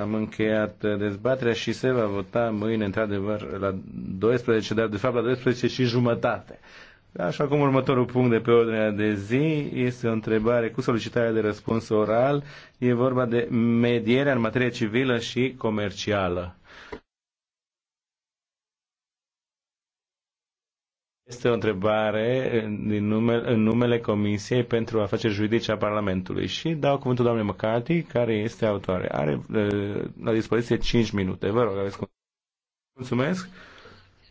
Am încheiat uh, dezbaterea și se va vota mâine, într-adevăr, la 12, dar de fapt la 12 și jumătate. Așa cum următorul punct de pe ordinea de zi este o întrebare cu solicitare de răspuns oral. E vorba de medierea în materie civilă și comercială. Este o întrebare din numele, în numele Comisiei pentru Afaceri Juridice a Parlamentului și dau cuvântul doamnei McCarthy, care este autoare. Are uh, la dispoziție 5 minute. Vă rog, aveți cuvântul. Mulțumesc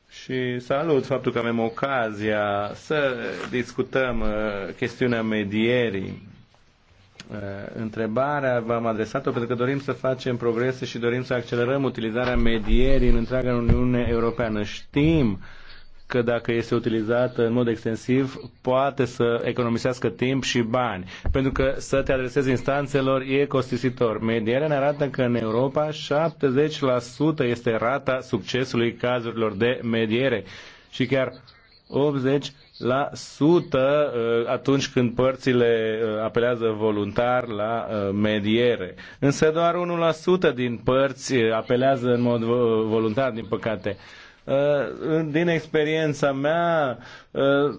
și salut faptul că avem ocazia să discutăm uh, chestiunea medierii. Uh, întrebarea v-am adresat-o pentru că dorim să facem progrese și dorim să accelerăm utilizarea medierii în întreaga Uniune Europeană. Știm că dacă este utilizată în mod extensiv, poate să economisească timp și bani. Pentru că să te adresezi instanțelor e costisitor. Medierea ne arată că în Europa 70% este rata succesului cazurilor de mediere și chiar 80 la sută uh, atunci când părțile uh, apelează voluntar la uh, mediere. Însă doar 1% din părți apelează în mod voluntar, din păcate. Uh, din experiența mea, uh,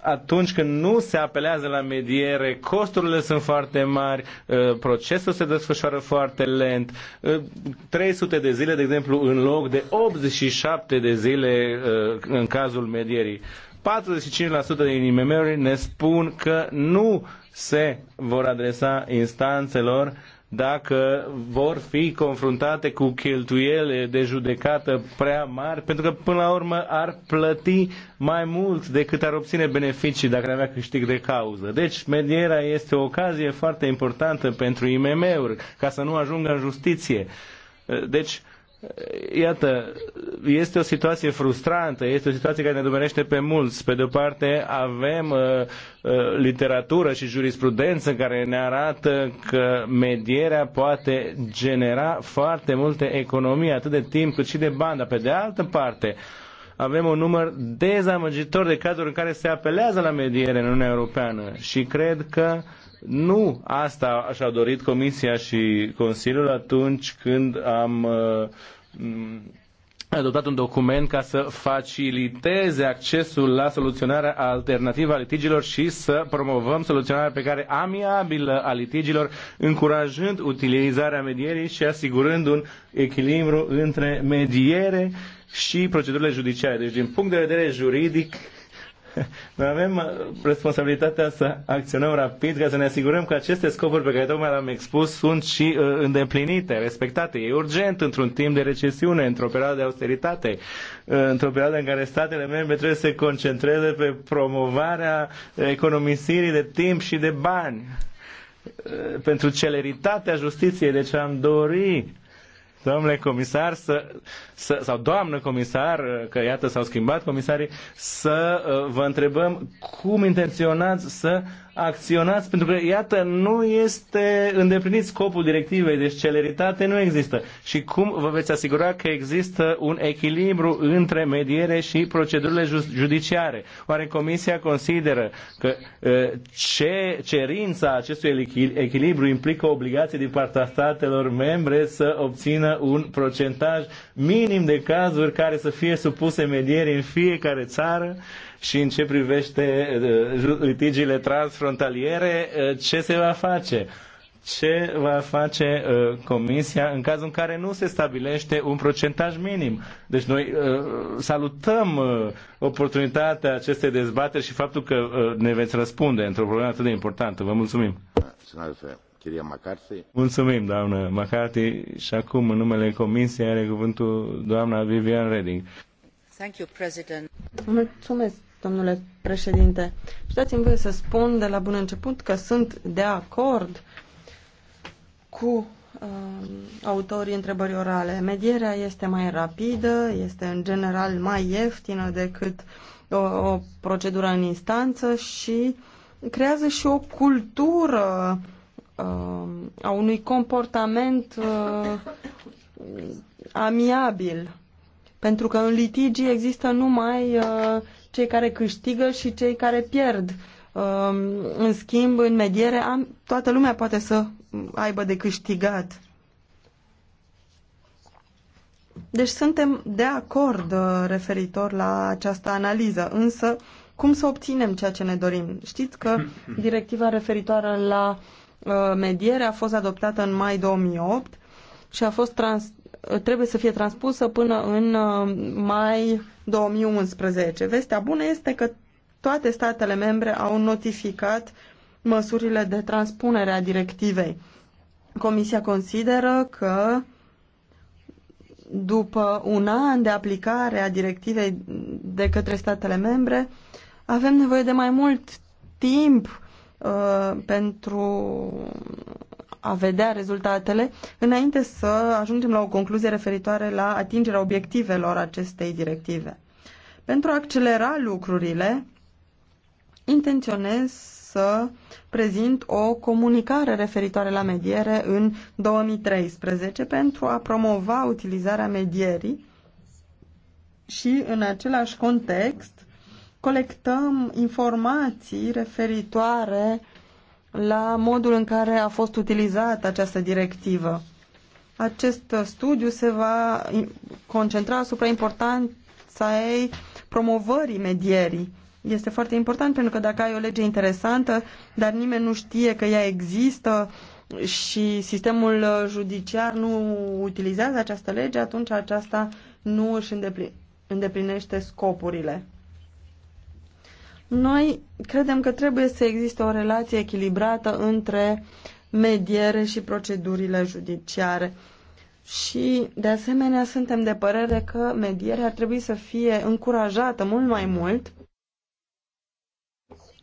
atunci când nu se apelează la mediere, costurile sunt foarte mari, uh, procesul se desfășoară foarte lent. 300 de zile, de exemplu, în loc de 87 de zile în cazul medierii. 45% din IMM-uri ne spun că nu se vor adresa instanțelor uh, dacă vor fi confruntate cu cheltuiele de judecată prea mari, pentru că până la urmă ar plăti mai mult decât ar obține beneficii dacă ar avea câștig de cauză. Deci medierea este o ocazie foarte importantă pentru IMM-uri, ca să nu ajungă în justiție. Deci, iată, este o situație frustrantă, este o situație care ne domenește pe mulți. Pe de-o parte avem uh, uh, literatură și jurisprudență care ne arată că medierea poate genera foarte multe economii, atât de timp cât și de bani, dar pe de altă parte uh, avem un număr dezamăgitor de cazuri în care se apelează la mediere în Uniunea Europeană și cred că nu asta și-au dorit Comisia și Consiliul atunci când am uh, mm, adoptat un document ca să faciliteze accesul la soluționarea alternativă a litigilor și să promovăm soluționarea pe care amiabilă a litigilor, încurajând utilizarea medierii și asigurând un echilibru între mediere și procedurile judiciare. Deci, din punct de vedere juridic, noi avem uh, responsabilitatea să acționăm rapid ca să ne asigurăm că aceste scopuri pe care tocmai le-am expus sunt și uh, îndeplinite, respectate. E urgent într-un timp de recesiune, într-o perioadă de austeritate, uh, într-o perioadă în care statele membre trebuie să se concentreze pe promovarea economisirii de timp și de bani uh, pentru celeritatea justiției. Deci am dorit domnule comisar, să, să, sau doamnă comisar, că iată s-au schimbat comisarii, să uh, vă întrebăm cum intenționați să acționați, pentru că, iată, nu este îndeplinit scopul directivei, deci celeritate nu există. Și cum vă veți asigura că există un echilibru între mediere și procedurile judiciare? Oare Comisia consideră că ce cerința acestui echilibru implică obligație din partea statelor membre să obțină un procentaj minim de cazuri care să fie supuse medierii în fiecare țară? și în ce privește eh, litigiile transfrontaliere, eh, ce se va face? ce va face uh, Comisia în cazul în care nu se stabilește un procentaj minim. Deci noi uh, salutăm uh, oportunitatea acestei dezbateri și faptul că uh, ne veți răspunde într-o problemă atât de importantă. Vă mulțumim. Mulțumim, doamnă McCarthy. Și acum, în numele Comisiei, are cuvântul doamna Vivian Reding. Thank you, President. Mulțumesc, domnule președinte. Și dați-mi voie să spun de la bun început că sunt de acord cu uh, autorii întrebării orale. Medierea este mai rapidă, este în general mai ieftină decât o, o procedură în instanță și creează și o cultură uh, a unui comportament uh, amiabil. Pentru că în litigi există numai uh, cei care câștigă și cei care pierd. Um, în schimb, în mediere, toată lumea poate să aibă de câștigat. Deci suntem de acord uh, referitor la această analiză, însă cum să obținem ceea ce ne dorim? Știți că directiva referitoare la uh, mediere a fost adoptată în mai 2008 și a fost trans- trebuie să fie transpusă până în uh, mai 2011. Vestea bună este că toate statele membre au notificat măsurile de transpunere a directivei. Comisia consideră că după un an de aplicare a directivei de către statele membre, avem nevoie de mai mult timp uh, pentru a vedea rezultatele înainte să ajungem la o concluzie referitoare la atingerea obiectivelor acestei directive. Pentru a accelera lucrurile, intenționez să prezint o comunicare referitoare la mediere în 2013 pentru a promova utilizarea medierii și în același context colectăm informații referitoare la modul în care a fost utilizată această directivă. Acest studiu se va concentra asupra importanța ei promovării medierii. Este foarte important pentru că dacă ai o lege interesantă, dar nimeni nu știe că ea există și sistemul judiciar nu utilizează această lege, atunci aceasta nu își îndeplinește scopurile. Noi credem că trebuie să existe o relație echilibrată între mediere și procedurile judiciare. Și, de asemenea, suntem de părere că medierea ar trebui să fie încurajată mult mai mult,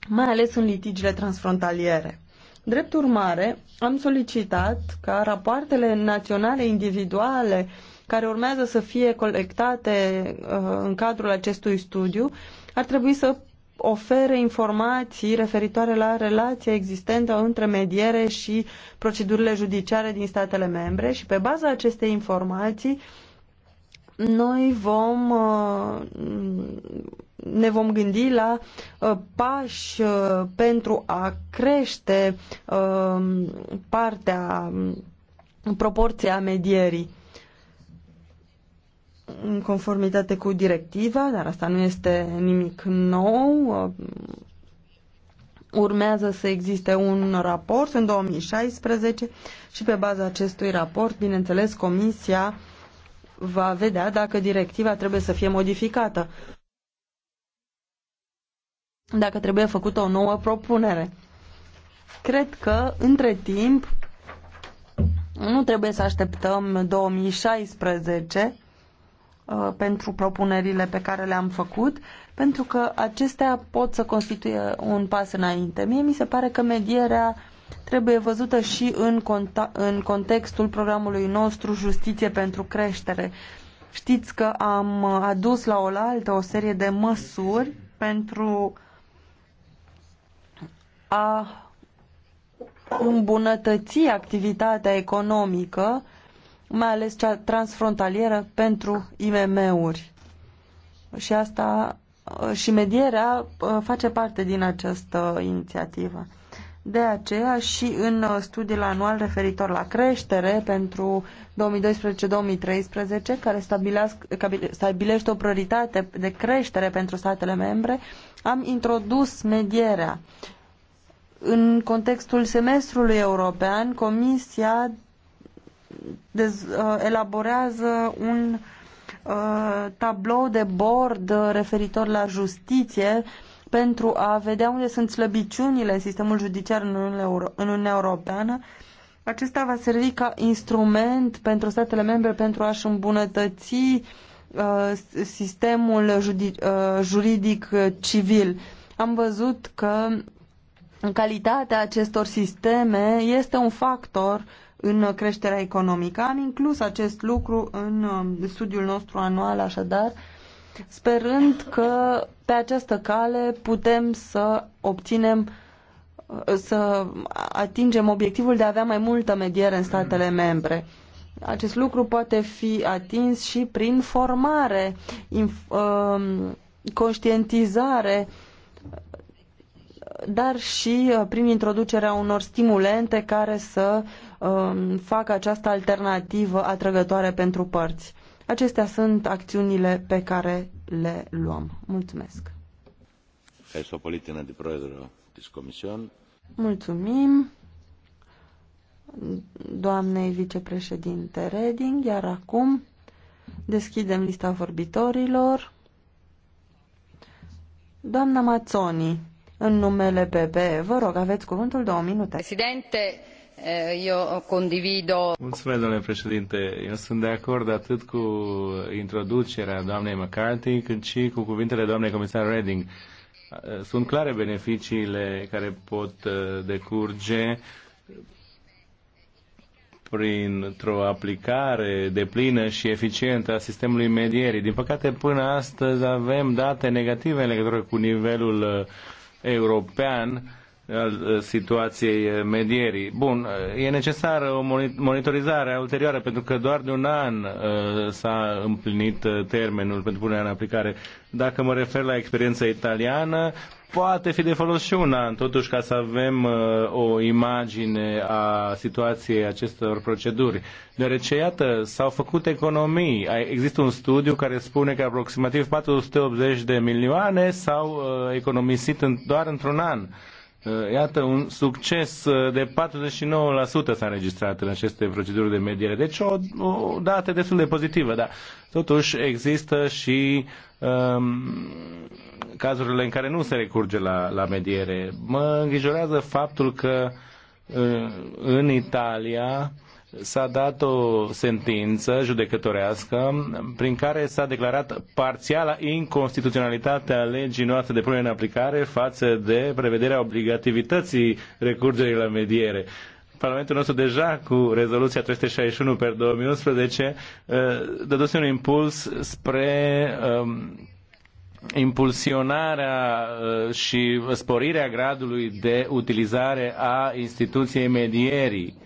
mai ales în litigiile transfrontaliere. Drept urmare, am solicitat ca rapoartele naționale individuale care urmează să fie colectate uh, în cadrul acestui studiu ar trebui să ofere informații referitoare la relația existentă între mediere și procedurile judiciare din statele membre și pe baza acestei informații noi vom uh, ne vom gândi la uh, pași uh, pentru a crește partea mm, proporția medierii în conformitate cu directiva, dar asta nu este nimic nou. Urmează să existe un raport în 2016 și pe baza acestui raport, bineînțeles, Comisia va vedea dacă directiva trebuie să fie modificată, dacă trebuie făcută o nouă propunere. Cred că, între timp, nu trebuie să așteptăm 2016 Uh, pentru propunerile pe care le-am făcut, pentru că acestea pot să constituie un pas înainte. Mie mi se pare că medierea trebuie văzută și în, cont- în contextul programului nostru Justiție pentru Creștere. Știți că am adus la oaltă o serie de măsuri pentru a îmbunătăți activitatea economică mai ales cea transfrontalieră pentru IMM-uri. Și asta uh, și medierea uh, face parte din această inițiativă. De aceea și în uh, studiul anual referitor la creștere pentru 2012-2013, care stabilește o prioritate de creștere pentru statele membre, am introdus medierea. În contextul semestrului european, Comisia dez, uh, elaborează un uh, tablou de bord referitor la justiție pentru a vedea unde sunt slăbiciunile în sistemul judiciar în Uniunea, Euro- în Uniunea Europeană. Acesta va servi ca instrument pentru statele membre pentru a-și îmbunătăți uh, sistemul uh, juridic civil. Am văzut că calitatea acestor sisteme este un factor în creșterea economică. Am inclus acest lucru în um, studiul nostru anual, așadar, sperând că pe această cale putem să obținem uh, să atingem obiectivul de a avea mai multă mediere în statele membre. Acest lucru poate fi atins și prin formare, inf, um, conștientizare, dar și uh, prin introducerea unor stimulente care să fac um, facă această alternativă atrăgătoare pentru părți. Acestea sunt acțiunile pe care le luăm. Mulțumesc. Mulțumim doamnei vicepreședinte Reding, iar acum deschidem lista vorbitorilor. Doamna Mazzoni, în numele BB, vă rog, aveți cuvântul două minute. Presidente, eu eh, condivido... Mulțumesc, domnule președinte. Eu sunt de acord atât cu introducerea doamnei McCarthy, cât și cu cuvintele doamnei comisar Reding. Eh, sunt clare beneficiile care pot eh, decurge printr-o aplicare deplină și eficientă a sistemului medierii. Din păcate, până astăzi avem date negative în legătură cu nivelul european al uh, situației uh, medierii. Bun, uh, e necesară o monitorizare ulterioară pentru că doar de un an s-a împlinit termenul pentru punerea în aplicare. Dacă mă refer la experiența italiană, poate fi de folos și un an, totuși ca să avem o imagine a situației acestor proceduri. Deoarece, iată, s-au făcut economii. Există un studiu care spune că aproximativ 480 de milioane s-au economisit în, doar într-un an. Eh, iată, un succes eh, de 49% s-a înregistrat în aceste proceduri de mediere. Deci o, o dată destul de pozitivă, dar totuși există și um, cazurile în care nu se recurge la, la mediere. Mă îngrijorează faptul că uh, în Italia s-a dat o sentință judecătorească prin care s-a declarat parțiala inconstituționalitatea legii noastre de punere în aplicare față de prevederea obligativității recurgerii la mediere. Parlamentul nostru deja cu rezoluția 361 per 2011 dăduse un impuls spre um, impulsionarea uh, și sporirea gradului de utilizare a instituției medierii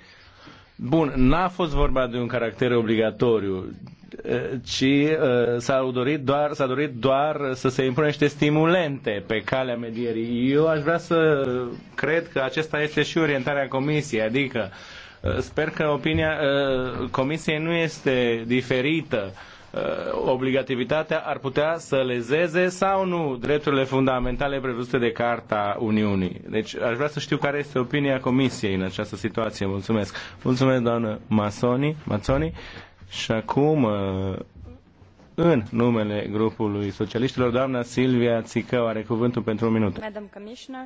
Bun, n-a fost vorba de un caracter obligatoriu, ci uh, s-a dorit, doar, s-a dorit doar să se impună niște stimulente pe calea medierii. Eu aș vrea să cred că acesta este și orientarea comisiei, adică uh, sper că opinia uh, comisiei nu este diferită Uh, obligativitatea ar putea să lezeze sau nu drepturile fundamentale prevăzute de Carta Uniunii. Deci aș vrea să știu care este opinia Comisiei în această situație. Mulțumesc. Mulțumesc, doamnă Masoni. Mazzoni. Și acum, uh, în numele grupului socialiștilor, doamna Silvia Țicău are cuvântul pentru un minut. Madam Commissioner,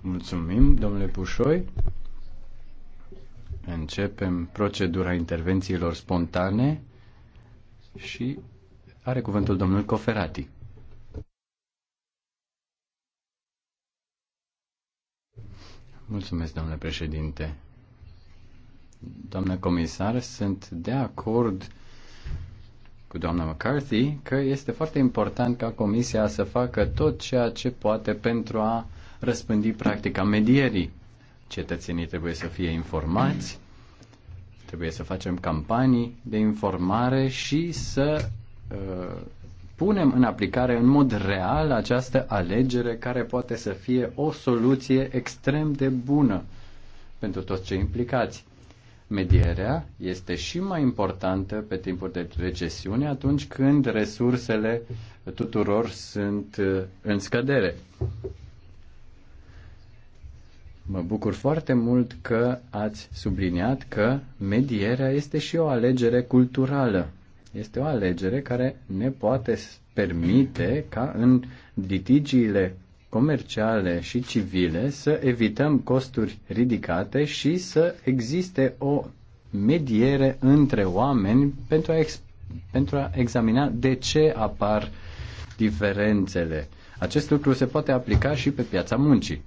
Mulțumim, domnule Bușoi. Începem procedura intervențiilor spontane și are cuvântul domnul Coferati. Mulțumesc, domnule președinte. Doamnă comisar, sunt de acord cu doamna McCarthy că este foarte important ca Comisia să facă tot ceea ce poate pentru a răspândi practica medierii. Cetățenii trebuie să fie informați, trebuie să facem campanii de informare și să uh, punem în aplicare în mod real această alegere care poate să fie o soluție extrem de bună pentru toți cei implicați medierea este și mai importantă pe timpul de recesiune atunci când resursele tuturor sunt uh, în scădere. Mă bucur foarte mult că ați subliniat că medierea este și o alegere culturală. Este o alegere care ne poate permite ca în litigiile comerciale și civile, să evităm costuri ridicate și să existe o mediere între oameni pentru a, ex- pentru a examina de ce apar diferențele. Acest lucru se poate aplica și pe piața muncii.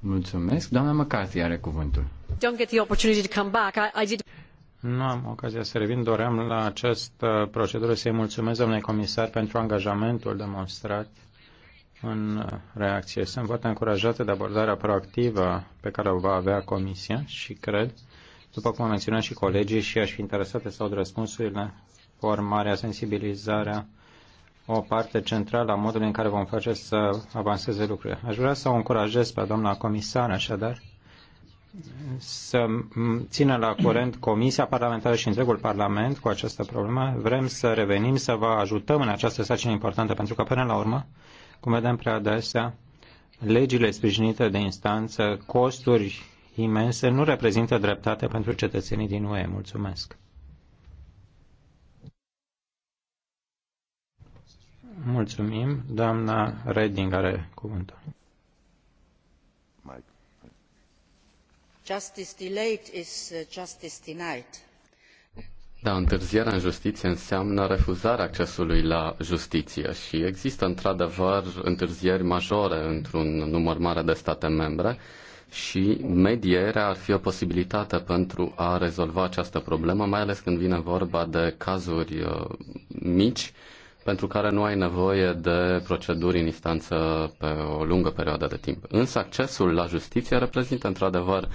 Mulțumesc. Doamna McCarthy are cuvântul. Don't get the opportunity to come back. I, I did... Nu am ocazia să revin, doream la această procedură să-i mulțumesc, domnule comisar, pentru angajamentul demonstrat în reacție. Sunt foarte încurajată de abordarea proactivă pe care o va avea Comisia și cred, după cum am menționat și colegii, și aș fi interesată să aud răspunsurile, formarea, sensibilizarea, o parte centrală a modului în care vom face să avanseze lucrurile. Aș vrea să o încurajez pe doamna comisar, așadar, să țină la curent Comisia Parlamentară și întregul Parlament cu această problemă. Vrem să revenim, să vă ajutăm în această sarcină importantă, pentru că, până la urmă, cum vedem prea adesea, legile sprijinite de instanță, costuri imense, nu reprezintă dreptate pentru cetățenii din UE. Mulțumesc! Mulțumim. Doamna Redding are cuvântul. Justice delayed is uh, justice denied da, întârzierea în justiție înseamnă refuzarea accesului la justiție și există într-adevăr întârzieri majore într-un număr mare de state membre și medierea ar fi o posibilitate pentru a rezolva această problemă, mai ales când vine vorba de cazuri uh, mici pentru care nu ai nevoie de proceduri în instanță pe o lungă perioadă de timp. Însă accesul la justiție reprezintă într-adevăr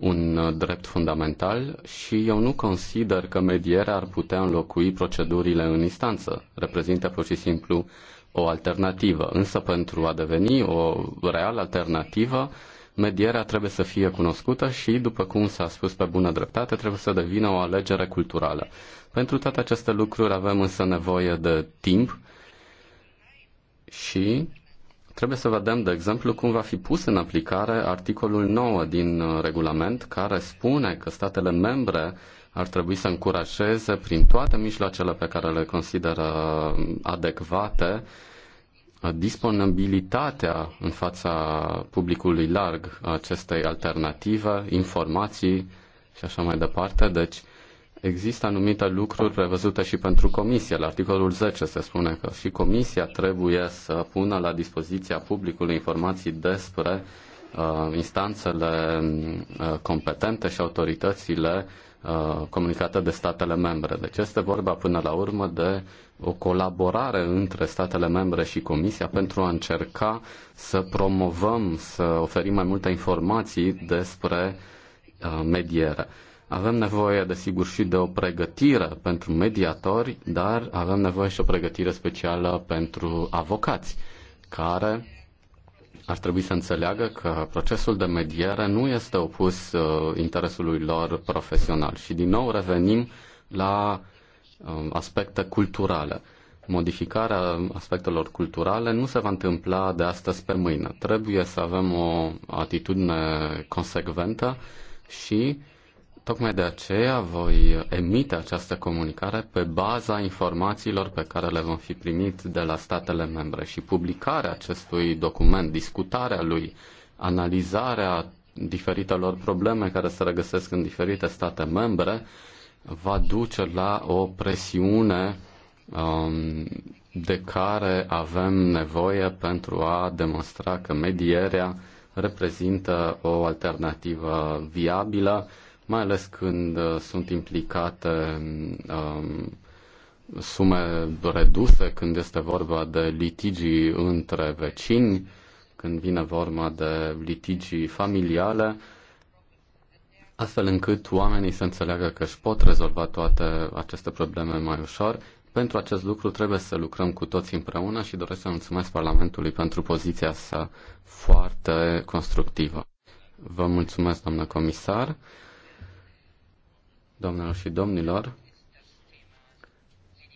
un uh, drept fundamental și eu nu consider că medierea ar putea înlocui procedurile în instanță. Reprezintă pur și simplu o alternativă. Însă pentru a deveni o reală alternativă, medierea trebuie să fie cunoscută și, după cum s-a spus pe bună dreptate, trebuie să devină o alegere culturală. Pentru toate aceste lucruri avem însă nevoie de timp și Trebuie să vedem, de exemplu, cum va fi pus în aplicare articolul 9 din uh, regulament, care spune că statele membre ar trebui să încurajeze prin toate mijloacele pe care le consideră uh, adecvate uh, disponibilitatea în fața publicului larg a acestei alternative, informații și așa mai departe. Deci Există anumite lucruri prevăzute și pentru comisie. La articolul 10 se spune că și comisia trebuie să pună la dispoziția publicului informații despre uh, instanțele uh, competente și autoritățile uh, comunicate de statele membre. Deci este vorba până la urmă de o colaborare între statele membre și Comisia pentru a încerca să promovăm, să oferim mai multe informații despre uh, mediere. Avem nevoie, desigur, și de o pregătire pentru mediatori, dar avem nevoie și o pregătire specială pentru avocați, care ar trebui să înțeleagă că procesul de mediere nu este opus uh, interesului lor profesional. Și din nou revenim la um, aspecte culturale. Modificarea aspectelor culturale nu se va întâmpla de astăzi pe mâine. Trebuie să avem o atitudine consecventă și uh, Tocmai de aceea voi emite această comunicare pe baza informațiilor pe care le vom fi primit de la statele membre și publicarea acestui document, discutarea lui, analizarea diferitelor probleme care se regăsesc în diferite state membre, va duce la o presiune um, de care avem nevoie pentru a demonstra că medierea reprezintă o alternativă viabilă mai ales când uh, sunt implicate um, sume reduse, când este vorba de litigii între vecini, când vine vorba de litigii familiale, astfel încât oamenii să înțeleagă că își pot rezolva toate aceste probleme mai ușor. Pentru acest lucru trebuie să lucrăm cu toți împreună și doresc să mulțumesc Parlamentului pentru poziția sa foarte constructivă. Vă mulțumesc, doamnă comisar domnilor și domnilor.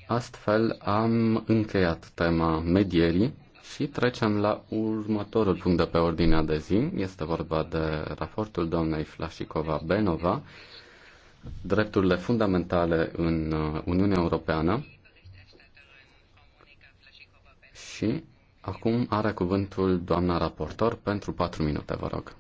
Astfel am încheiat tema medierii și trecem la următorul punct de pe ordinea de zi. Este vorba de raportul doamnei Flașicova Benova, drepturile fundamentale în uh, Uniunea Europeană. Și acum are cuvântul doamna raportor pentru patru minute, vă rog.